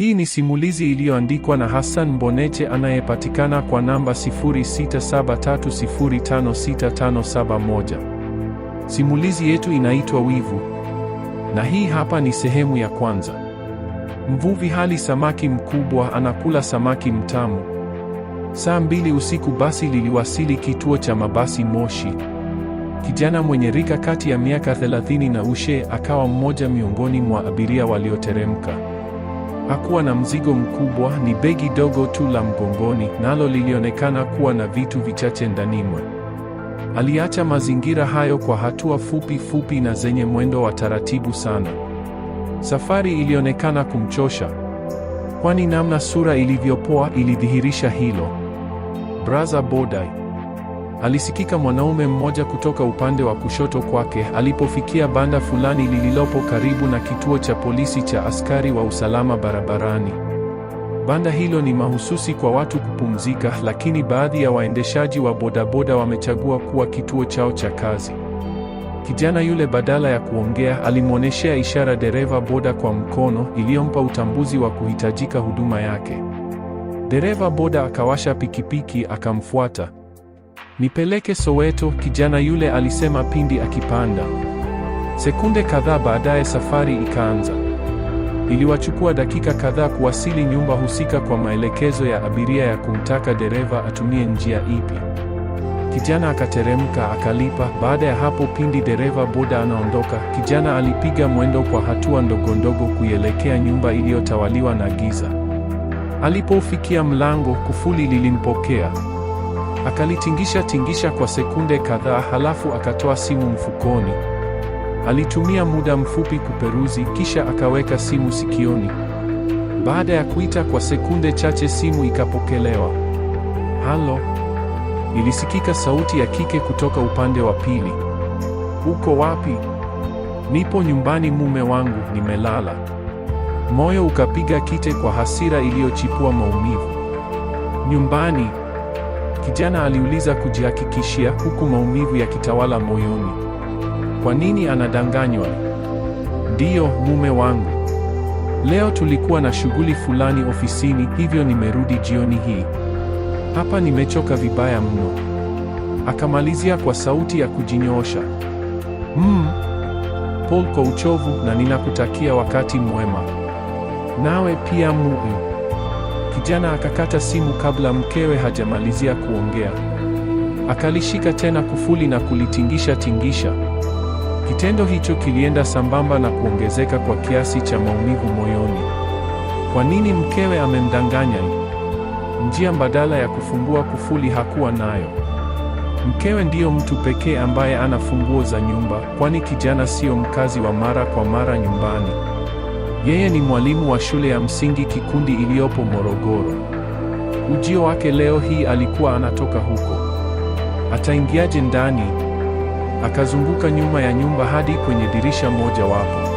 Hii ni simulizi iliyoandikwa na Hassan Mboneche anayepatikana kwa namba 0673056571. Simulizi yetu inaitwa Wivu. Na hii hapa ni sehemu ya kwanza. Mvuvi hali samaki mkubwa anakula samaki mtamu. Saa mbili usiku basi liliwasili kituo cha mabasi Moshi. Kijana mwenye rika kati ya miaka 30 na ushe akawa mmoja miongoni mwa abiria walioteremka. Hakuwa na mzigo mkubwa, ni begi dogo tu la mgongoni, nalo lilionekana kuwa na vitu vichache ndani Aliacha mazingira hayo kwa hatua fupi fupi na zenye mwendo wa taratibu sana. Safari ilionekana kumchosha, kwani namna sura ilivyopoa ilidhihirisha hilo. Brother Bodai alisikika mwanaume mmoja kutoka upande wa kushoto kwake alipofikia banda fulani lililopo karibu na kituo cha polisi cha askari wa usalama barabarani. Banda hilo ni mahususi kwa watu kupumzika, lakini baadhi ya waendeshaji wa bodaboda wamechagua kuwa kituo chao cha kazi. Kijana yule badala ya kuongea alimwonyeshea ishara dereva boda kwa mkono iliyompa utambuzi wa kuhitajika huduma yake. Dereva boda akawasha pikipiki akamfuata. Nipeleke Soweto, kijana yule alisema pindi akipanda. Sekunde kadhaa baadaye safari ikaanza. Iliwachukua dakika kadhaa kuwasili nyumba husika kwa maelekezo ya abiria ya kumtaka dereva atumie njia ipi. Kijana akateremka akalipa. Baada ya hapo, pindi dereva boda anaondoka, kijana alipiga mwendo kwa hatua ndogondogo kuielekea nyumba iliyotawaliwa na giza. Alipofikia mlango, kufuli lilimpokea. Akalitingisha tingisha kwa sekunde kadhaa, halafu akatoa simu mfukoni. Alitumia muda mfupi kuperuzi, kisha akaweka simu sikioni. Baada ya kuita kwa sekunde chache, simu ikapokelewa. Halo, ilisikika sauti ya kike kutoka upande wa pili. Uko wapi? Nipo nyumbani, mume wangu, nimelala. Moyo ukapiga kite kwa hasira iliyochipua maumivu. Nyumbani? Kijana aliuliza kujihakikishia, huku maumivu yakitawala moyoni. Kwa nini anadanganywa? Ndiyo, mume wangu, leo tulikuwa na shughuli fulani ofisini, hivyo nimerudi jioni hii. Hapa nimechoka vibaya mno, akamalizia kwa sauti ya kujinyoosha. Mm, Paul, kwa uchovu na ninakutakia wakati mwema nawe pia mume. Kijana akakata simu kabla mkewe hajamalizia kuongea. Akalishika tena kufuli na kulitingisha tingisha. Kitendo hicho kilienda sambamba na kuongezeka kwa kiasi cha maumivu moyoni. Kwa nini mkewe amemdanganya? Njia mbadala ya kufungua kufuli hakuwa nayo. Mkewe ndiyo mtu pekee ambaye ana funguo za nyumba, kwani kijana siyo mkazi wa mara kwa mara nyumbani. Yeye ni mwalimu wa shule ya msingi Kikundi iliyopo Morogoro. Ujio wake leo hii alikuwa anatoka huko. Ataingiaje ndani? Akazunguka nyuma ya nyumba hadi kwenye dirisha moja wapo.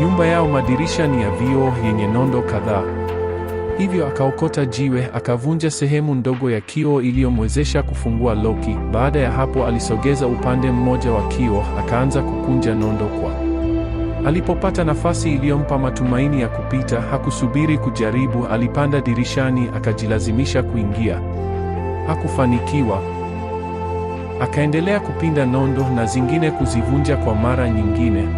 Nyumba yao madirisha ni ya vioo yenye nondo kadhaa. Hivyo akaokota jiwe akavunja sehemu ndogo ya kioo iliyomwezesha kufungua loki. Baada ya hapo, alisogeza upande mmoja wa kioo akaanza kukunja nondo kwa Alipopata nafasi iliyompa matumaini ya kupita, hakusubiri kujaribu, alipanda dirishani akajilazimisha kuingia. Hakufanikiwa. Akaendelea kupinda nondo na zingine kuzivunja kwa mara nyingine.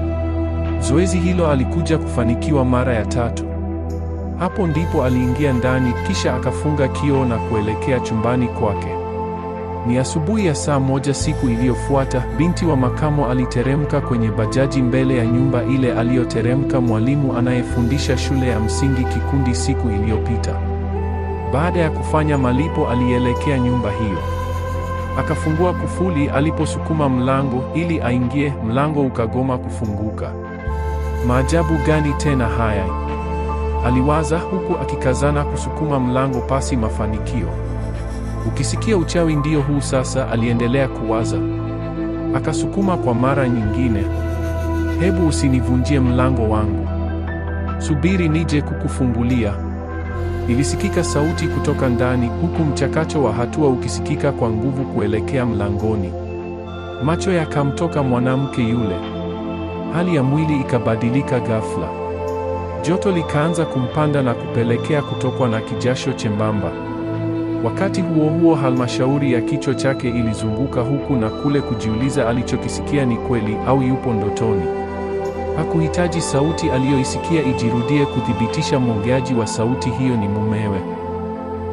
Zoezi hilo alikuja kufanikiwa mara ya tatu. Hapo ndipo aliingia ndani kisha akafunga kioo na kuelekea chumbani kwake. Ni asubuhi ya saa moja siku iliyofuata, binti wa makamo aliteremka kwenye bajaji mbele ya nyumba ile aliyoteremka mwalimu anayefundisha shule ya msingi Kikundi siku iliyopita. Baada ya kufanya malipo, alielekea nyumba hiyo. Akafungua kufuli aliposukuma mlango ili aingie, mlango ukagoma kufunguka. Maajabu gani tena haya? Aliwaza huku akikazana kusukuma mlango pasi mafanikio. Ukisikia uchawi ndio huu sasa, aliendelea kuwaza. Akasukuma kwa mara nyingine. Hebu usinivunjie mlango wangu, subiri nije kukufungulia. Ilisikika sauti kutoka ndani, huku mchakacho wa hatua ukisikika kwa nguvu kuelekea mlangoni. Macho yakamtoka mwanamke yule, hali ya mwili ikabadilika ghafla, joto likaanza kumpanda na kupelekea kutokwa na kijasho chembamba. Wakati huo huo, halmashauri ya kichwa chake ilizunguka huku na kule kujiuliza alichokisikia ni kweli au yupo ndotoni. Hakuhitaji sauti aliyoisikia ijirudie kuthibitisha mwongeaji wa sauti hiyo ni mumewe.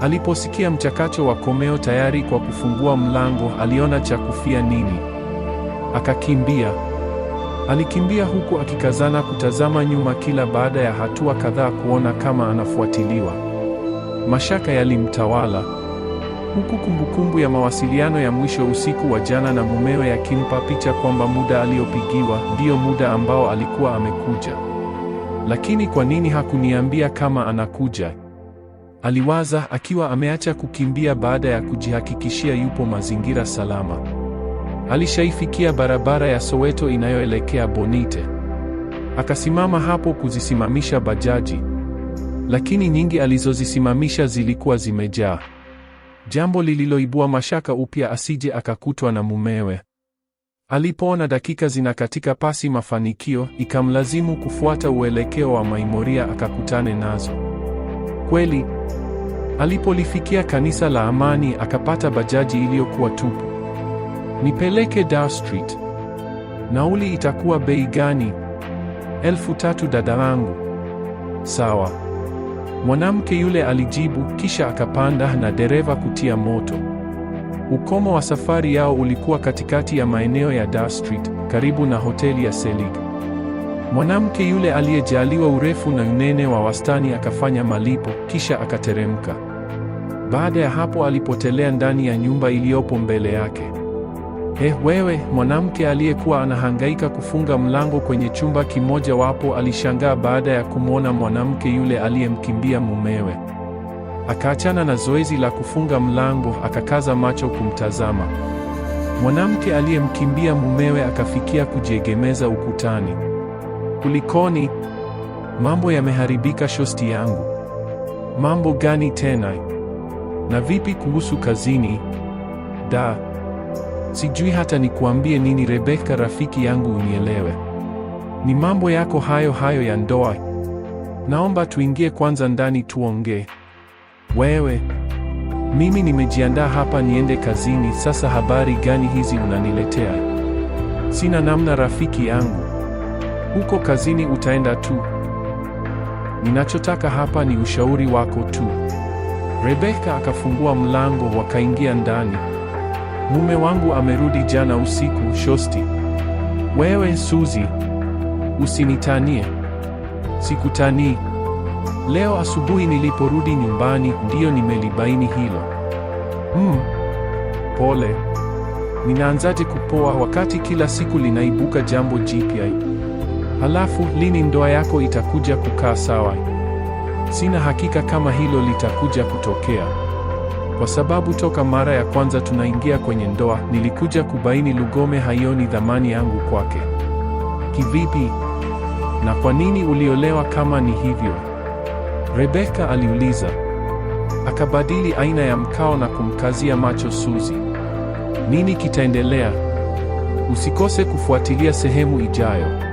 Aliposikia mchakacho wa komeo tayari kwa kufungua mlango, aliona cha kufia nini, akakimbia. Alikimbia huku akikazana kutazama nyuma kila baada ya hatua kadhaa kuona kama anafuatiliwa. Mashaka yalimtawala huku kumbukumbu ya mawasiliano ya mwisho usiku wa jana na mumewe yakimpa picha kwamba muda aliyopigiwa ndiyo muda ambao alikuwa amekuja. Lakini kwa nini hakuniambia kama anakuja? Aliwaza akiwa ameacha kukimbia baada ya kujihakikishia yupo mazingira salama. Alishaifikia barabara ya Soweto inayoelekea Bonite. Akasimama hapo kuzisimamisha bajaji lakini nyingi alizozisimamisha zilikuwa zimejaa, jambo lililoibua mashaka upya asije akakutwa na mumewe. Alipoona dakika zinakatika pasi mafanikio, ikamlazimu kufuata uelekeo wa Maimoria akakutane nazo. Kweli, alipolifikia kanisa la Amani akapata bajaji iliyokuwa tupu. Nipeleke Dar Street, nauli itakuwa bei gani? Elfu tatu Sawa. Mwanamke yule alijibu, kisha akapanda na dereva kutia moto. Ukomo wa safari yao ulikuwa katikati ya maeneo ya Dar Street karibu na hoteli ya Selig. Mwanamke yule aliyejaliwa urefu na unene wa wastani akafanya malipo kisha akateremka. Baada ya hapo alipotelea ndani ya nyumba iliyopo mbele yake. Eh, wewe mwanamke aliyekuwa anahangaika kufunga mlango kwenye chumba kimoja wapo alishangaa baada ya kumwona mwanamke yule aliyemkimbia mumewe. Akaachana na zoezi la kufunga mlango, akakaza macho kumtazama. Mwanamke aliyemkimbia mumewe akafikia kujiegemeza ukutani. Kulikoni? Mambo yameharibika shosti yangu. Mambo gani tena? Na vipi kuhusu kazini? Da. Sijui hata nikuambie nini Rebeka rafiki yangu, unielewe. Ni mambo yako hayo hayo ya ndoa. Naomba tuingie kwanza ndani tuongee. Wewe, mimi nimejiandaa hapa niende kazini. Sasa habari gani hizi unaniletea? Sina namna rafiki yangu, huko kazini utaenda tu. Ninachotaka hapa ni ushauri wako tu. Rebeka akafungua mlango, wakaingia ndani. Mume wangu amerudi jana usiku, shosti. Wewe Suzi, usinitanie. Sikutanii. Leo asubuhi niliporudi nyumbani ndiyo nimelibaini hilo. Mm, pole. Ninaanzaje kupoa wakati kila siku linaibuka jambo jipya? Halafu lini ndoa yako itakuja kukaa sawa? Sina hakika kama hilo litakuja kutokea kwa sababu toka mara ya kwanza tunaingia kwenye ndoa, nilikuja kubaini Lugome haioni dhamani yangu kwake. Kivipi? Na kwa nini uliolewa kama ni hivyo? Rebeka aliuliza. Akabadili aina ya mkao na kumkazia macho Suzi. Nini kitaendelea? Usikose kufuatilia sehemu ijayo.